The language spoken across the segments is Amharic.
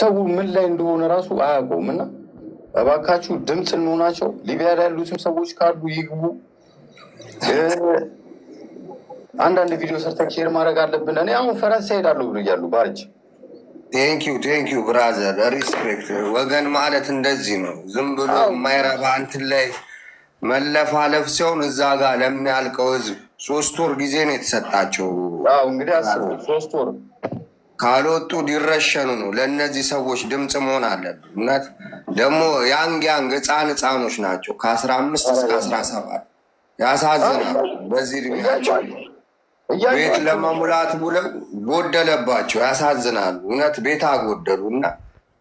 ሰው ምን ላይ እንደሆነ ራሱ አያውቀውም። እና እባካችሁ ድምፅ እንሆናቸው። ሊቢያ ላይ ያሉትም ሰዎች ካሉ ይግቡ። አንዳንድ ቪዲዮ ሰርተን ሼር ማድረግ አለብን። እኔ አሁን ፈረንሳይ ሄዳለሁ እያሉ ባርች ቴንኪዩ ቴንኪዩ ብራዘር ሪስፔክት። ወገን ማለት እንደዚህ ነው። ዝም ብሎ የማይረባ እንትን ላይ መለፋለፍ ሲሆን እዛ ጋር ለሚያልቀው ህዝብ ሶስት ወር ጊዜ ነው የተሰጣቸው። እንግዲህ ሶስት ወር ካልወጡ ሊረሸኑ ነው። ለእነዚህ ሰዎች ድምፅ መሆን አለብን። እውነት ደግሞ ያንግ ያንግ ህፃን ህፃኖች ናቸው ከአስራ አምስት እስከ አስራ ሰባት ያሳዝናሉ። በዚህ እድሜያቸው ቤት ለመሙላት ብለው ጎደለባቸው፣ ያሳዝናሉ። እውነት ቤት አጎደሉ እና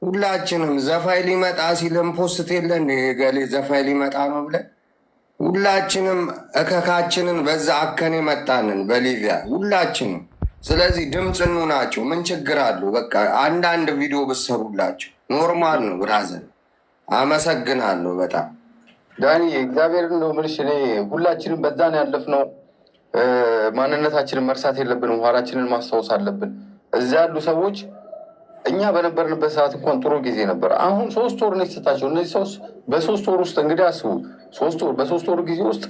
ሁላችንም ዘፋይ ሊመጣ ሲልም ፖስት የለን ገሌ ዘፋይ ሊመጣ ነው ብለን ሁላችንም እከካችንን በዛ አከን መጣንን በሊቪያ ሁላችንም ስለዚህ ድምፅ ናቸው። ምን ችግር አለው? በቃ አንዳንድ ቪዲዮ ብሰሩላቸው ኖርማል ነው። ብራዘን አመሰግናለሁ በጣም ዳኒ። እግዚአብሔር ነው ምልሽ። እኔ ሁላችንም በዛ ነው ያለፍነው። ማንነታችንን መርሳት የለብንም። ኋላችንን ማስታወስ አለብን። እዚያ ያሉ ሰዎች እኛ በነበርንበት ሰዓት እንኳን ጥሩ ጊዜ ነበር። አሁን ሶስት ወር ነው የተሰጣቸው እነዚህ ሰው በሶስት ወር ውስጥ እንግዲህ አስቡ፣ በሶስት ወር ጊዜ ውስጥ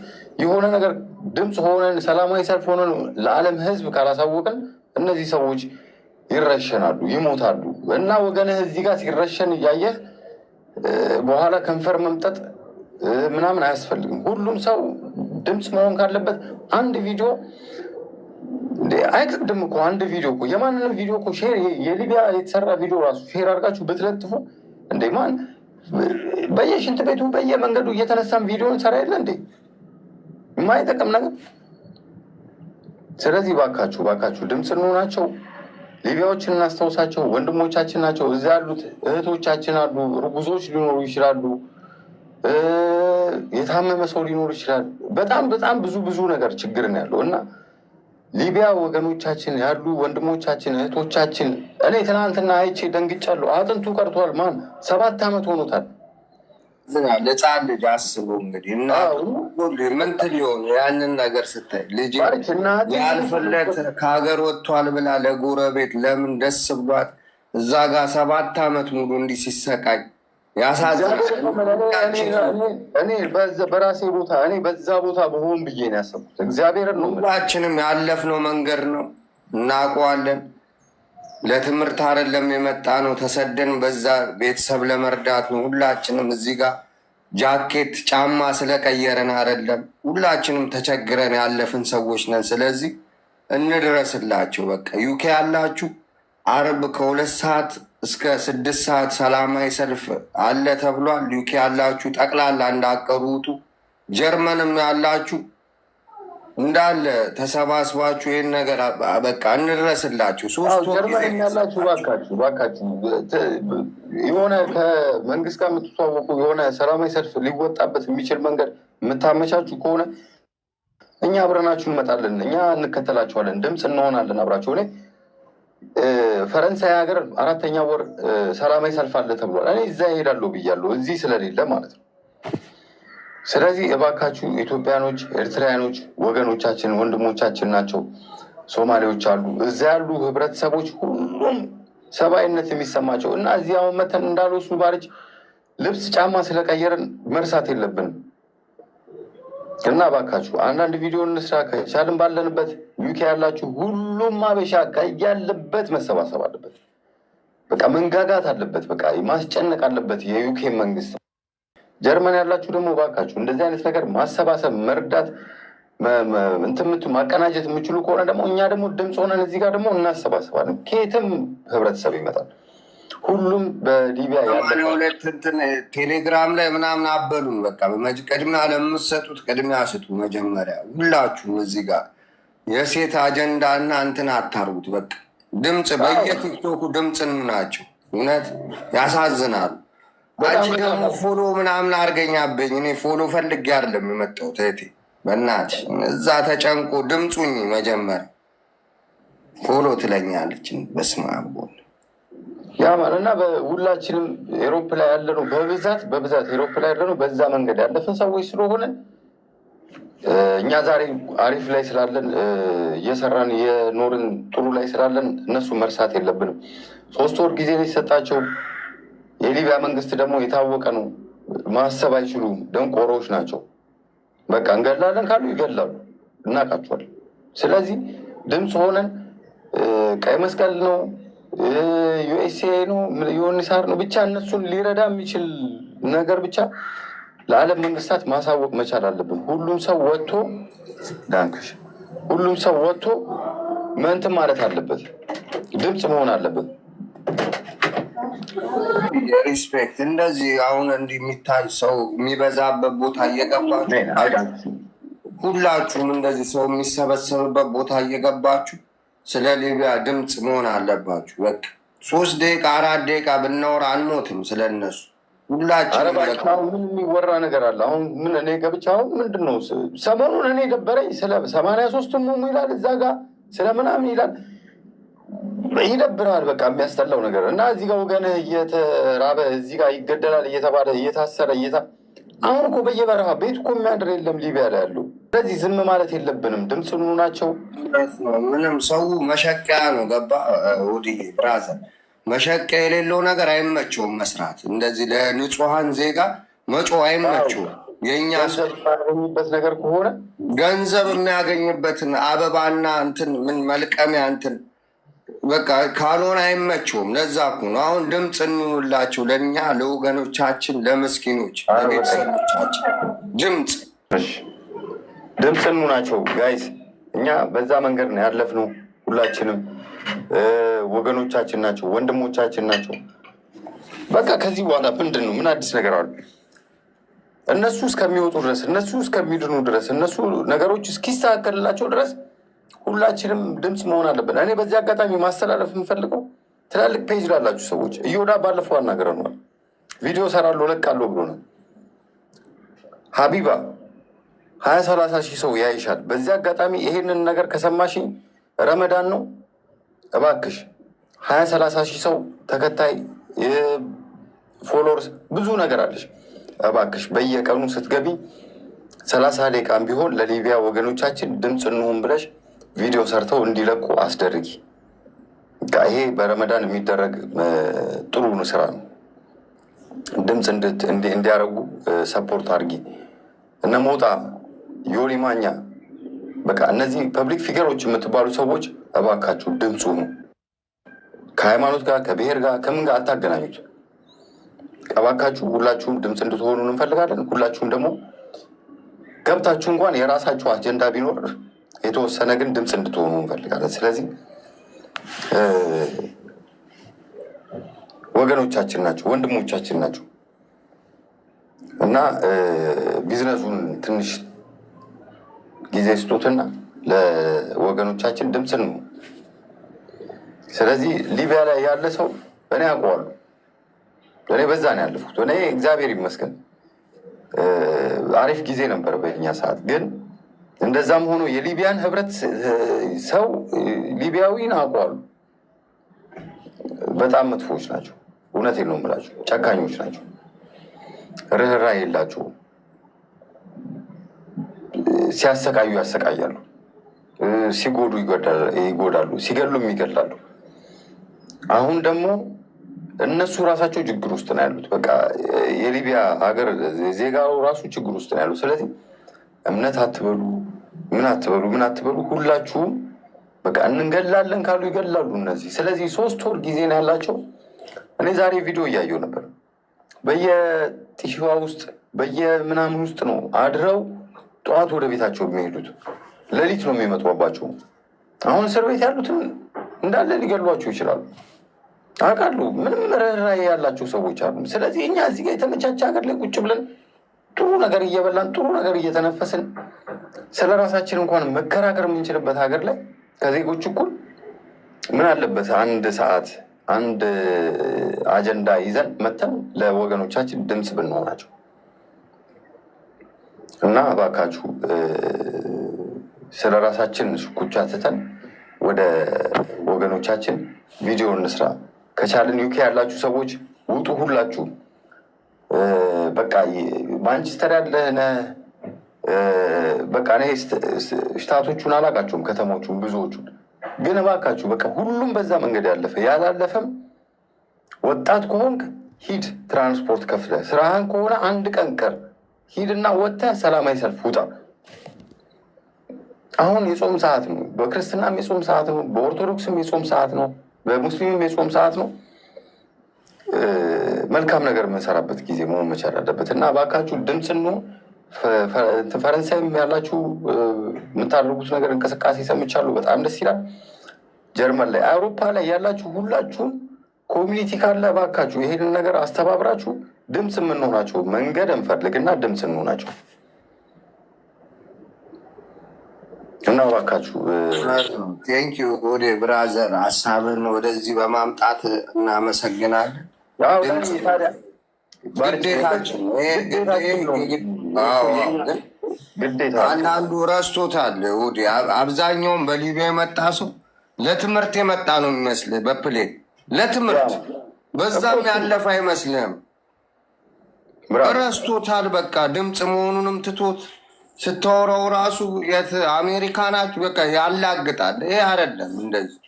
የሆነ ነገር ድምፅ ሆነን ሰላማዊ ሰልፍ ሆነን ለዓለም ሕዝብ ካላሳወቀን እነዚህ ሰዎች ይረሸናሉ፣ ይሞታሉ። እና ወገንህ እዚህ ጋር ሲረሸን እያየህ በኋላ ከንፈር መምጠጥ ምናምን አያስፈልግም። ሁሉም ሰው ድምፅ መሆን ካለበት አንድ ቪዲዮ አይቀድም እኮ አንድ ቪዲዮ እኮ የማንንም ቪዲዮ እኮ ሼር የሊቢያ የተሰራ ቪዲዮ ራሱ ሼር አድርጋችሁ ብትለጥፉ እንዴ ማን በየሽንት ቤቱ በየመንገዱ እየተነሳን ቪዲዮ እንሰራ የለ እንዴ የማይጠቅም ነገር። ስለዚህ ባካችሁ ባካችሁ ድምፅ እንሆናቸው፣ ሊቢያዎችን እናስታውሳቸው። ወንድሞቻችን ናቸው እዛ ያሉት፣ እህቶቻችን አሉ። ርጉዞች ሊኖሩ ይችላሉ። የታመመ ሰው ሊኖር ይችላል። በጣም በጣም ብዙ ብዙ ነገር ችግር ነው ያለው እና ሊቢያ ወገኖቻችን ያሉ ወንድሞቻችን እህቶቻችን፣ እኔ ትናንትና አይቼ ደንግጫለሁ። አጥንቱ ቀርቷል። ማን ሰባት ዓመት ሆኖታል። ለጻን ልጅ አስቡ እንግዲህ ምንት ሊሆን ያንን ነገር ስታይ ልጅ ያልፍለት ከሀገር ወጥቷል ብላ ለጎረቤት ለምን ደስ ብሏት እዛ ጋር ሰባት ዓመት ሙሉ እንዲህ ሲሰቃይ እኔ በራሴ ቦታ እኔ በዛ ቦታ በሆን ብዬ ነው ያሰብኩት። እግዚአብሔር ሁላችንም ያለፍነው መንገድ ነው እናውቀዋለን። ለትምህርት አይደለም የመጣ ነው። ተሰደን በዛ ቤተሰብ ለመርዳት ነው። ሁላችንም እዚህ ጋር ጃኬት ጫማ ስለቀየረን አይደለም። ሁላችንም ተቸግረን ያለፍን ሰዎች ነን። ስለዚህ እንድረስላቸው። በቃ ዩኬ ያላችሁ አርብ ከሁለት ሰዓት እስከ ስድስት ሰዓት ሰላማዊ ሰልፍ አለ ተብሏል። ዩኬ ያላችሁ ጠቅላላ እንዳቀሩቱ ጀርመንም ያላችሁ እንዳለ ተሰባስባችሁ ይህን ነገር በቃ እንድረስላችሁ። ጀርመንም ያላችሁ እባካችሁ እባካችሁ የሆነ ከመንግስት ጋር የምትተዋወቁ የሆነ ሰላማዊ ሰልፍ ሊወጣበት የሚችል መንገድ የምታመቻችሁ ከሆነ እኛ አብረናችሁ እንመጣለን። እኛ እንከተላችኋለን። ድምፅ እንሆናለን አብራችሁ ፈረንሳይ ሀገር አራተኛ ወር ሰላማዊ ሰልፍ አለ ተብሏል። እኔ እዛ እሄዳለሁ ብያለሁ፣ እዚህ ስለሌለ ማለት ነው። ስለዚህ እባካችሁ ኢትዮጵያኖች፣ ኤርትራያኖች ወገኖቻችን ወንድሞቻችን ናቸው። ሶማሌዎች አሉ፣ እዛ ያሉ ህብረተሰቦች ሁሉም ሰብአዊነት የሚሰማቸው እና እዚያ መተን እንዳልወሱ ባርጅ ልብስ ጫማ ስለቀየርን መርሳት የለብንም። እና ባካችሁ አንዳንድ ቪዲዮ እንስራ። ከቻልን ባለንበት ዩኬ ያላችሁ ሁሉም አበሻ ያለበት መሰባሰብ አለበት። በቃ መንጋጋት አለበት። በቃ ማስጨነቅ አለበት የዩኬ መንግስት። ጀርመን ያላችሁ ደግሞ ባካችሁ እንደዚህ አይነት ነገር ማሰባሰብ፣ መርዳት፣ እንትምት ማቀናጀት የምችሉ ከሆነ ደግሞ እኛ ደግሞ ድምፅ ሆነን እዚህ ጋር ደግሞ እናሰባሰባለን ከየትም ህብረተሰብ ይመጣል። ሁሉም በሊቢያ ያለ ሁለት እንትን ቴሌግራም ላይ ምናምን አበሉን። በቃ ቅድሚያ ለምትሰጡት ቅድሚያ ስጡ። መጀመሪያ ሁላችሁም እዚህ ጋር የሴት አጀንዳ እና እንትን አታርጉት። በቃ ድምፅ በየቲክቶኩ ድምፅን ናቸው። እውነት ያሳዝናሉ። አንቺ ደግሞ ፎሎ ምናምን አድርገኛብኝ እኔ ፎሎ ፈልጌ አይደለም የመጣሁት እህቴ፣ በእናትሽ እዛ ተጨንቆ ድምፁኝ መጀመሪያ ፎሎ ትለኛለች። በስመ አብ ያማን እና በሁላችንም ኤሮፕ ላይ ያለ ነው በብዛት በብዛት ኤሮፕ ላይ ያለ ነው በዛ መንገድ ያለፍን ሰዎች ስለሆነ እኛ ዛሬ አሪፍ ላይ ስላለን እየሰራን የኖርን ጥሩ ላይ ስላለን እነሱ መርሳት የለብንም። ሶስት ወር ጊዜ የተሰጣቸው። የሊቢያ መንግስት ደግሞ የታወቀ ነው። ማሰብ አይችሉም። ደንቆሮዎች ናቸው። በቃ እንገላለን ካሉ ይገላሉ። እናውቃቸዋለን። ስለዚህ ድምፅ ሆነን ቀይ መስቀል ነው ዩኤስኤ ነው ዩኒሳር ነው ብቻ እነሱን ሊረዳ የሚችል ነገር ብቻ ለዓለም መንግስታት ማሳወቅ መቻል አለብን። ሁሉም ሰው ወጥቶ ዳንክሽ ሁሉም ሰው ወጥቶ መንት ማለት አለበት፣ ድምፅ መሆን አለበት። ሪስፔክት እንደዚህ አሁን እንዲህ የሚታይ ሰው የሚበዛበት ቦታ እየገባችሁ ሁላችሁም እንደዚህ ሰው የሚሰበሰብበት ቦታ እየገባችሁ ስለ ሊቢያ ድምፅ መሆን አለባችሁ። በቃ ሶስት ደቂቃ አራት ደቂቃ ብናወራ አንሞትም። ስለ እነሱ ሁላችንም ምን የሚወራ ነገር አለ? አሁን ምን እኔ ገብቼ አሁን ምንድን ነው ሰሞኑን እኔ ደበረኝ። ስለ ሰማንያ ሶስቱን ሙሙ ይላል እዛ ጋር ስለ ምናምን ይላል ይደብራል። በቃ የሚያስጠላው ነገር እና እዚህ ጋር ወገን እየተራበ እዚህ ጋር ይገደላል እየተባለ እየታሰረ እየታ አሁን እኮ በየበረሃ ቤት እኮ የሚያድር የለም ሊቢያ ላይ ያለው ስለዚህ ዝም ማለት የለብንም። ድምፅ ኑ ናቸው። ምንም ሰው መሸቀያ ነው። ገባ ወዲ ብራዘር፣ መሸቀያ የሌለው ነገር አይመቸውም መስራት። እንደዚህ ለንጹሐን ዜጋ መጮ አይመቸውም። የእኛ ነገር ከሆነ ገንዘብ የሚያገኝበትን አበባና እንትን ምን መልቀሚያ እንትን በቃ ካልሆነ አይመቸውም። ለዛ እኮ ነው አሁን ድምፅ እንኑላቸው ለእኛ ለወገኖቻችን፣ ለምስኪኖች፣ ለቤተሰቦቻችን ድምፅ ድምፅኑ ናቸው ጋይስ። እኛ በዛ መንገድ ነው ያለፍነው። ሁላችንም ወገኖቻችን ናቸው፣ ወንድሞቻችን ናቸው። በቃ ከዚህ በኋላ ምንድን ነው? ምን አዲስ ነገር አሉ? እነሱ እስከሚወጡ ድረስ፣ እነሱ እስከሚድኑ ድረስ፣ እነሱ ነገሮች እስኪስተካከልላቸው ድረስ ሁላችንም ድምፅ መሆን አለብን። እኔ በዚህ አጋጣሚ ማስተላለፍ የምፈልገው ትላልቅ ፔጅ ላላችሁ ሰዎች እየወዳ ባለፈው አናገረኗል ቪዲዮ ሰራለሁ ለቃለሁ ብሎ ነው ሀቢባ ሀያ ሰላሳ ሺህ ሰው ያይሻል። በዚህ አጋጣሚ ይሄንን ነገር ከሰማሽኝ ረመዳን ነው እባክሽ ሀያ ሰላሳ ሺህ ሰው ተከታይ ፎሎወርስ ብዙ ነገር አለሽ። እባክሽ በየቀኑ ስትገቢ ሰላሳ ደቂቃም ቢሆን ለሊቢያ ወገኖቻችን ድምፅ እንሁን ብለሽ ቪዲዮ ሰርተው እንዲለቁ አስደርጊ። ይሄ በረመዳን የሚደረግ ጥሩ ስራ ነው። ድምፅ እንዲያደርጉ ሰፖርት አድርጊ እነ ሞጣ ዮኒ ማኛ በቃ እነዚህ ፐብሊክ ፊገሮች የምትባሉ ሰዎች እባካችሁ ድምፁ ነው። ከሃይማኖት ጋር ከብሔር ጋር ከምን ጋር አታገናኙት። እባካችሁ ሁላችሁም ድምፅ እንድትሆኑ እንፈልጋለን። ሁላችሁም ደግሞ ገብታችሁ እንኳን የራሳችሁ አጀንዳ ቢኖር የተወሰነ ግን ድምፅ እንድትሆኑ እንፈልጋለን። ስለዚህ ወገኖቻችን ናቸው ወንድሞቻችን ናቸው። እና ቢዝነሱን ትንሽ ጊዜ ስጡትና ለወገኖቻችን ድምፅ ነው። ስለዚህ ሊቢያ ላይ ያለ ሰው እኔ አውቀዋለሁ። እኔ በዛ ነው ያለፉት። እኔ እግዚአብሔር ይመስገን አሪፍ ጊዜ ነበር በኛ ሰዓት። ግን እንደዛም ሆኖ የሊቢያን ህብረት ሰው ሊቢያዊን አውቀዋለሁ። በጣም መጥፎዎች ናቸው። እውነቴን ነው የምላቸው። ጨካኞች ናቸው። ርኅራ የላቸውም። ሲያሰቃዩ ያሰቃያሉ፣ ሲጎዱ ይጎዳሉ፣ ሲገሉም ይገላሉ። አሁን ደግሞ እነሱ ራሳቸው ችግር ውስጥ ነው ያሉት። በቃ የሊቢያ ሀገር ዜጋው ራሱ ችግር ውስጥ ነው ያሉት። ስለዚህ እምነት አትበሉ፣ ምን አትበሉ፣ ምን አትበሉ፣ ሁላችሁም በቃ እንገላለን ካሉ ይገላሉ እነዚህ። ስለዚህ ሶስት ወር ጊዜ ነው ያላቸው። እኔ ዛሬ ቪዲዮ እያየው ነበር። በየጢሽዋ ውስጥ በየምናምን ውስጥ ነው አድረው ጠዋት ወደ ቤታቸው የሚሄዱት ሌሊት ነው የሚመጡባቸው። አሁን እስር ቤት ያሉትም እንዳለ ሊገሏቸው ይችላሉ። አውቃሉ ምንም ርኅራኄ ያላቸው ሰዎች አሉ። ስለዚህ እኛ እዚህ ጋር የተመቻቸ ሀገር ላይ ቁጭ ብለን ጥሩ ነገር እየበላን ጥሩ ነገር እየተነፈስን ስለ ራሳችን እንኳን መከራከር የምንችልበት ሀገር ላይ ከዜጎች እኩል ምን አለበት አንድ ሰዓት አንድ አጀንዳ ይዘን መተን ለወገኖቻችን ድምፅ ብንሆናቸው እና እባካችሁ ስለ ራሳችን ኩቻ ትተን ወደ ወገኖቻችን ቪዲዮ እንስራ። ከቻልን ዩኬ ያላችሁ ሰዎች ውጡ፣ ሁላችሁ በቃ ማንቸስተር ያለነ በቃ እኔ ሽታቶቹን አላውቃቸውም፣ ከተሞቹን ብዙዎቹን ግን እባካችሁ በቃ ሁሉም በዛ መንገድ ያለፈ ያላለፈም ወጣት ከሆንክ ሂድ፣ ትራንስፖርት ከፍለ ስራህን ከሆነ አንድ ቀን ቀር ሂድና ወጥተ ሰላማዊ ሰልፍ ውጣ። አሁን የጾም ሰዓት ነው። በክርስትናም የጾም ሰዓት ነው። በኦርቶዶክስም የጾም ሰዓት ነው። በሙስሊምም የጾም ሰዓት ነው። መልካም ነገር የምንሰራበት ጊዜ መሆን መቻል አለበት እና እባካችሁ ድምፅ እንሆን። ፈረንሳይም ያላችሁ የምታደርጉት ነገር እንቅስቃሴ ሰምቻሉ፣ በጣም ደስ ይላል። ጀርመን ላይ፣ አውሮፓ ላይ ያላችሁ ሁላችሁም ኮሚኒቲ ካለ እባካችሁ ይሄንን ነገር አስተባብራችሁ ድምፅ የምንሆናቸው መንገድ እንፈልግና ድምፅ እንሆናቸው እና እባካችሁ ወደ ብራዘር ሀሳብን ወደዚህ በማምጣት እናመሰግናለን። አንዳንዱ ረስቶታል። ውዴ አብዛኛውን በሊቢያ የመጣ ሰው ለትምህርት የመጣ ነው የሚመስልህ። በፕሌን ለትምህርት በዛም ያለፈ አይመስልህም። ረስቶታል። በቃ ድምፅ መሆኑንም ትቶት ስታወራው ራሱ የት አሜሪካ ናችሁ? በቃ ያላግጣል። ይሄ አይደለም እንደዚህ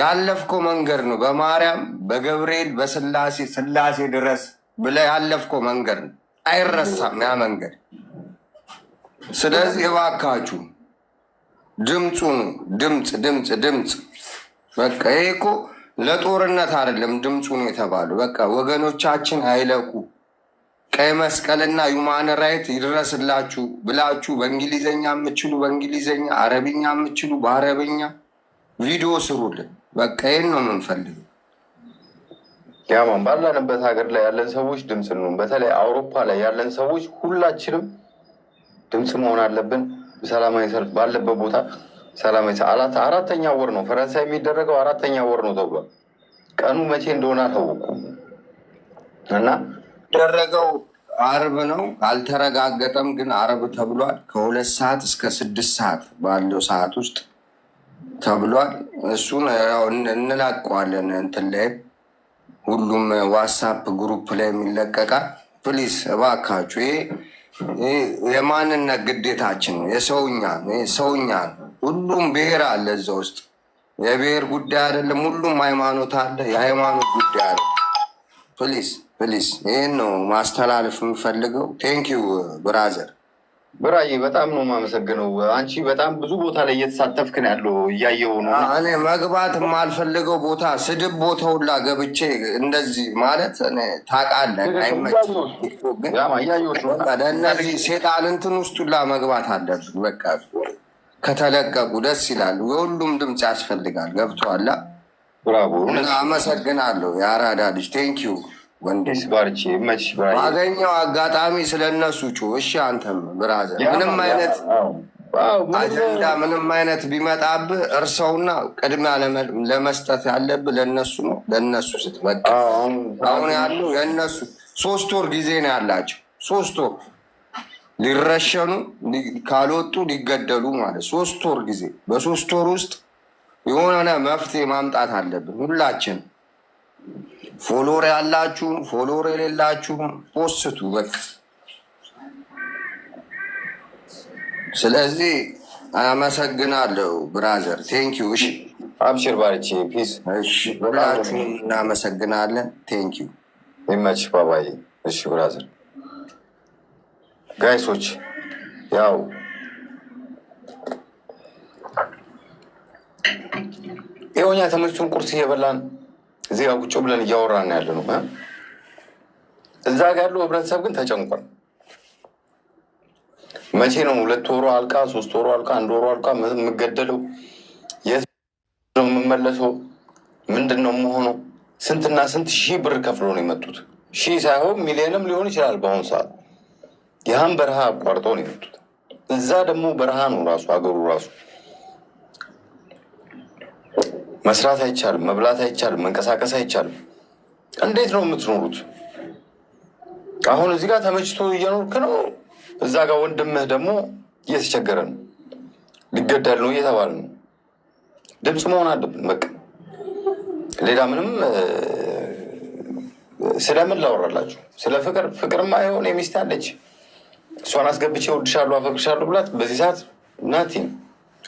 ያለፍከው መንገድ ነው። በማርያም በገብርኤል በስላሴ ስላሴ ድረስ ብለህ ያለፍከው መንገድ ነው። አይረሳም ያ መንገድ። ስለዚህ የባካችሁ ድምፁ ድምፅ ድምፅ ድምፅ። በቃ ይሄ እኮ ለጦርነት አይደለም ድምፁ ነው የተባሉ በቃ ወገኖቻችን አይለቁ ቀይ መስቀልና ዩማን ራይት ይድረስላችሁ ብላችሁ በእንግሊዝኛ የምችሉ በእንግሊዝኛ፣ አረብኛ የምችሉ በአረብኛ ቪዲዮ ስሩልን። በቃ ይህን ነው የምንፈልገው። ያማን ባለንበት ሀገር ላይ ያለን ሰዎች ድምፅ እንሆን። በተለይ አውሮፓ ላይ ያለን ሰዎች ሁላችንም ድምፅ መሆን አለብን። ሰላማዊ ሰልፍ ባለበት ቦታ ሰላማዊ አራተኛ ወር ነው ፈረንሳይ የሚደረገው አራተኛ ወር ነው ተብሏል። ቀኑ መቼ እንደሆነ አልታወቁም እና የሚደረገው አርብ ነው። አልተረጋገጠም፣ ግን አርብ ተብሏል። ከሁለት ሰዓት እስከ ስድስት ሰዓት ባለው ሰዓት ውስጥ ተብሏል። እሱን እንላቀዋለን። እንትን ላይ ሁሉም ዋትሳፕ ግሩፕ ላይ የሚለቀቃል። ፕሊስ እባካችሁ፣ ይሄ የማንነት ግዴታችን ነው። የሰውኛ ሰውኛ ነው። ሁሉም ብሔር አለ እዛ ውስጥ። የብሔር ጉዳይ አይደለም። ሁሉም ሃይማኖት አለ። የሃይማኖት ጉዳይ አለ። ፕሊስ ፕሊዝ ይህን ነው ማስተላለፍ የምፈልገው። ዩ ብራዘር ብራዬ፣ በጣም ነው የማመሰግነው። አንቺ በጣም ብዙ ቦታ ላይ እየተሳተፍክ ነው ያለው እያየው ነው። እኔ መግባት የማልፈልገው ቦታ ስድብ ቦታ ሁላ ገብቼ እንደዚህ ማለት ታውቃለህ፣ አይመችም። እነዚህ ሴጣን እንትን ውስጥ ሁላ መግባት አለብን። በቃ ከተለቀቁ ደስ ይላሉ። የሁሉም ድምፅ ያስፈልጋል። ገብቶሃል? አመሰግናለሁ። የአራዳ ልጅ ዩ ወንድም ባርቼ መች ባገኘው አጋጣሚ ስለነሱ ጩ። እሺ አንተም ብራዘር ምንም አይነት አጀንዳ ምንም አይነት ቢመጣብህ እርሰውና ቅድሚያ ለመስጠት ያለብህ ለነሱ ነው። ለነሱ ስትበቃ አሁን ያሉ የነሱ ሶስት ወር ጊዜ ነው ያላቸው። ሶስት ወር ሊረሸኑ ካልወጡ ሊገደሉ ማለት ሶስት ወር ጊዜ። በሶስት ወር ውስጥ የሆነ መፍትሄ ማምጣት አለብን ሁላችን ፎሎር ያላችሁ ፎሎር የሌላችሁ ፖስቱ በቃ። ስለዚህ አመሰግናለሁ ብራዘር ቴንኪው። እሺ አብሽር ባሪቼ ፒስ። እሺ ብላችሁ እናመሰግናለን። ቴንኪው ይመች ባባይ። እሺ ብራዘር ጋይሶች ያው የሆኛ ተመችቶን ቁርስ እየበላን እዚህ ጋር ቁጭ ብለን እያወራን ያለ ነው። እዛ ጋ ያለው ህብረተሰብ ግን ተጨንቋል። መቼ ነው ሁለት ወሮ አልቃ፣ ሶስት ወሮ አልቃ፣ አንድ ወሮ አልቃ የምገደለው? የት ነው የምመለሰው? ምንድን ነው መሆኑ? ስንትና ስንት ሺህ ብር ከፍሎ ነው የመጡት። ሺህ ሳይሆን ሚሊዮንም ሊሆን ይችላል። በአሁኑ ሰዓት ያህን በረሃ አቋርጠው ነው የመጡት። እዛ ደግሞ በረሃ ነው ራሱ አገሩ ራሱ መስራት አይቻልም፣ መብላት አይቻልም፣ መንቀሳቀስ አይቻልም። እንዴት ነው የምትኖሩት? አሁን እዚህ ጋር ተመችቶ እየኖርክ ነው፣ እዛ ጋር ወንድምህ ደግሞ እየተቸገረ ነው፣ ሊገደል ነው እየተባለ ነው። ድምፅ መሆን አለብን። በቃ ሌላ ምንም ስለምን ላወራላችሁ? ስለ ፍቅር ፍቅርማ የሆነ የሚስት አለች እሷን አስገብቼ እወድሻለሁ፣ አፈቅርሻለሁ ብላት በዚህ ሰዓት ናቲ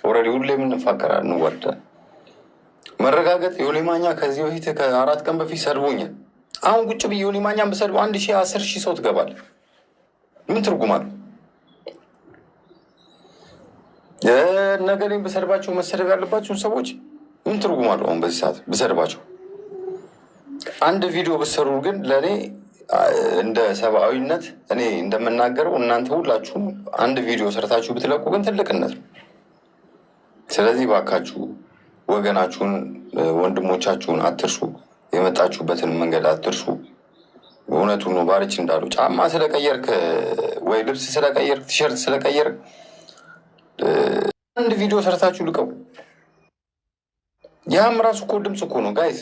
ኦልሬዲ ሁሌ የምንፋቀራ እንወዳል መረጋገጥ ዮኒ ከዚህ በፊት ከአራት ቀን በፊት ሰድቦኛል። አሁን ቁጭ ብዬ ዮኒ ማኛን አንድ ሺህ አስር ሺህ ሰው ትገባል። ምን ትርጉማል? ነገሌን ነገሬን ብሰድባቸው መሰደብ ያለባቸውን ሰዎች ምን ትርጉም አለው? አሁን በዚህ ሰዓት ብሰድባቸው አንድ ቪዲዮ ብሰሩ ግን ለእኔ እንደ ሰብአዊነት እኔ እንደምናገረው እናንተ ሁላችሁም አንድ ቪዲዮ ሰርታችሁ ብትለቁ ግን ትልቅነት ነው። ስለዚህ ባካችሁ ወገናችሁን ወንድሞቻችሁን አትርሱ። የመጣችሁበትን መንገድ አትርሱ። እውነቱ ነው። ባሪች እንዳሉ ጫማ ስለቀየርክ ወይ ልብስ ስለቀየርክ ቲሸርት ስለቀየርክ አንድ ቪዲዮ ሰርታችሁ ልቀው። ያም ራሱ እኮ ድምፅ እኮ ነው ጋይዝ።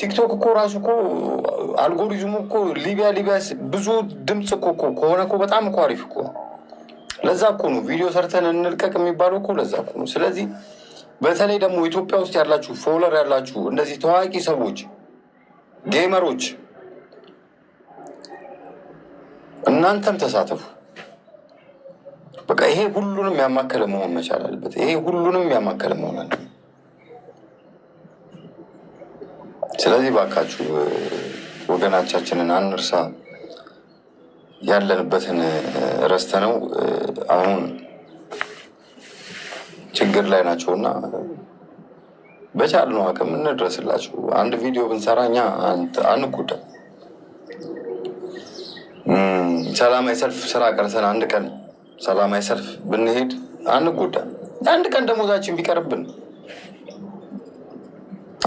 ቲክቶክ እኮ ራሱ እኮ አልጎሪዝሙ እኮ ሊቢያ ሊቢያ ብዙ ድምፅ እኮ እኮ ከሆነ እኮ በጣም እኮ አሪፍ እኮ ለዛ እኮ ነው ቪዲዮ ሰርተን እንልቀቅ የሚባለው እኮ ለዛ እኮ ነው። ስለዚህ በተለይ ደግሞ ኢትዮጵያ ውስጥ ያላችሁ ፎለር ያላችሁ እንደዚህ ታዋቂ ሰዎች፣ ጌመሮች እናንተም ተሳተፉ። በቃ ይሄ ሁሉንም ያማከለ መሆን መቻል አለበት። ይሄ ሁሉንም ያማከለ መሆን አለ። ስለዚህ ባካችሁ ወገናቻችንን አንርሳ። ያለንበትን ረስተ ነው አሁን ችግር ላይ ናቸው እና በቻልነው አቅም እንድረስላቸው። አንድ ቪዲዮ ብንሰራ እኛ አንጎዳ። ሰላማዊ ሰልፍ ስራ ቀርሰን አንድ ቀን ሰላማዊ ሰልፍ ብንሄድ አንጎዳም አንድ ቀን ደሞዛችን ቢቀርብን፣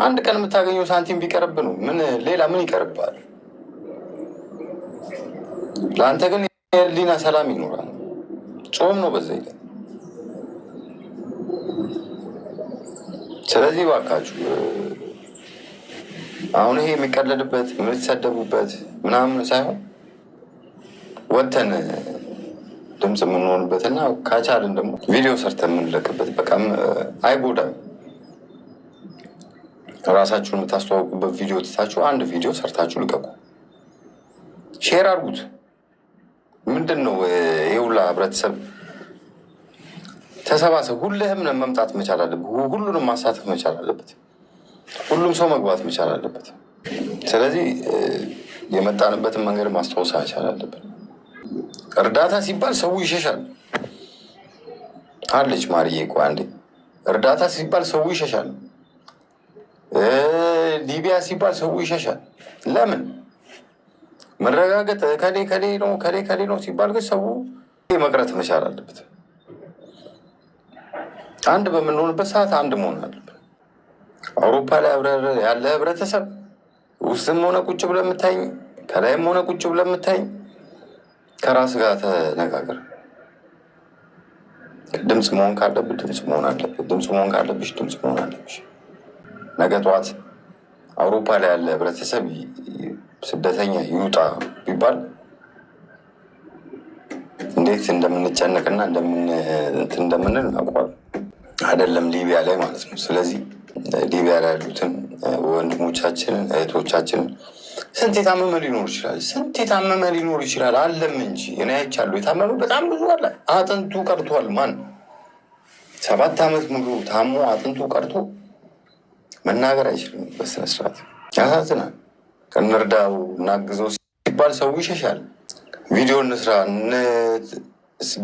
አንድ ቀን የምታገኘው ሳንቲም ነው። ምን ሌላ ምን ይቀርባል? ለአንተ ግን የህሊና ሰላም ይኖራል። ጾም ነው በዛ ይላል ስለዚህ እባካችሁ አሁን ይሄ የሚቀለድበት የምትሰደቡበት ምናምን ሳይሆን ወተን ድምፅ እና ካቻልን ደግሞ ቪዲዮ ሰርተን የምንለቅበት በቃም አይጎዳም። ራሳችሁን የምታስተዋውቁበት ቪዲዮ ትታችሁ አንድ ቪዲዮ ሰርታችሁ ልቀቁ፣ ሼር አድርጉት። ምንድን ነው የውላ ህብረተሰብ ተሰባሰብ። ሁልህም መምጣት መቻል አለበት። ሁሉንም ማሳተፍ መቻል አለበት። ሁሉም ሰው መግባት መቻል አለበት። ስለዚህ የመጣንበትን መንገድ ማስታወስ መቻል አለብን። እርዳታ ሲባል ሰው ይሸሻል አለች ማርዬ። ቆይ አንዴ እርዳታ ሲባል ሰው ይሸሻል። ሊቢያ ሲባል ሰው ይሸሻል። ለምን መረጋገጥ ከሌ ከሌ ነው ከሌ ከሌ ነው ሲባል ግን ሰው መቅረት መቻል አለበት። አንድ በምንሆንበት ሰዓት አንድ መሆን አለብን። አውሮፓ ላይ ያለ ህብረተሰብ ውስጥም ሆነ ቁጭ ብለህ የምታይኝ ከላይም ሆነ ቁጭ ብለህ የምታይኝ ከራስ ጋር ተነጋገር። ድምፅ መሆን ካለብህ ድምፅ መሆን አለብህ። ድምፅ መሆን ካለብሽ ድምፅ መሆን አለብሽ። ነገ ጠዋት አውሮፓ ላይ ያለ ህብረተሰብ ስደተኛ ይውጣ ቢባል እንዴት እንደምንጨነቅና እንደምንል እናውቀዋለን። አይደለም ሊቢያ ላይ ማለት ነው። ስለዚህ ሊቢያ ላይ ያሉትን ወንድሞቻችን እህቶቻችን ስንት የታመመ ሊኖር ይችላል፣ ስንት የታመመ ሊኖር ይችላል። አለም እንጂ እኔ አይቻለሁ። የታመመ በጣም ብዙ አለ። አጥንቱ ቀርቷል። ማን ሰባት ዓመት ሙሉ ታሞ አጥንቱ ቀርቶ መናገር አይችልም በስነስርዓት ያሳዝናል። እንርዳው እናግዘው ሲባል ሰው ይሸሻል። ቪዲዮ እንስራ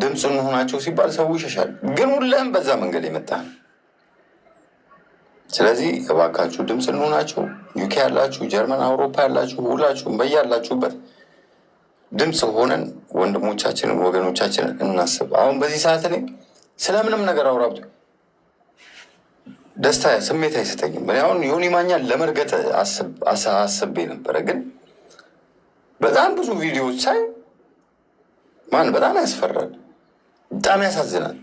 ድምፅ እንሆናቸው ሲባል ሰው ይሸሻል። ግን ሁለህም በዛ መንገድ የመጣ ስለዚህ እባካችሁ ድምፅ እንሆናቸው። ዩኬ ያላችሁ፣ ጀርመን፣ አውሮፓ ያላችሁ ሁላችሁም በያላችሁበት ድምፅ ሆነን ወንድሞቻችንን ወገኖቻችንን እናስብ። አሁን በዚህ ሰዓት እኔ ስለምንም ነገር አውራብ ደስታ ስሜት አይሰጠኝም። አሁን ዮኒ ማኛን ለመርገጥ አስቤ ነበረ፣ ግን በጣም ብዙ ቪዲዮዎች ሳይ ማን በጣም ያስፈራል፣ በጣም ያሳዝናል።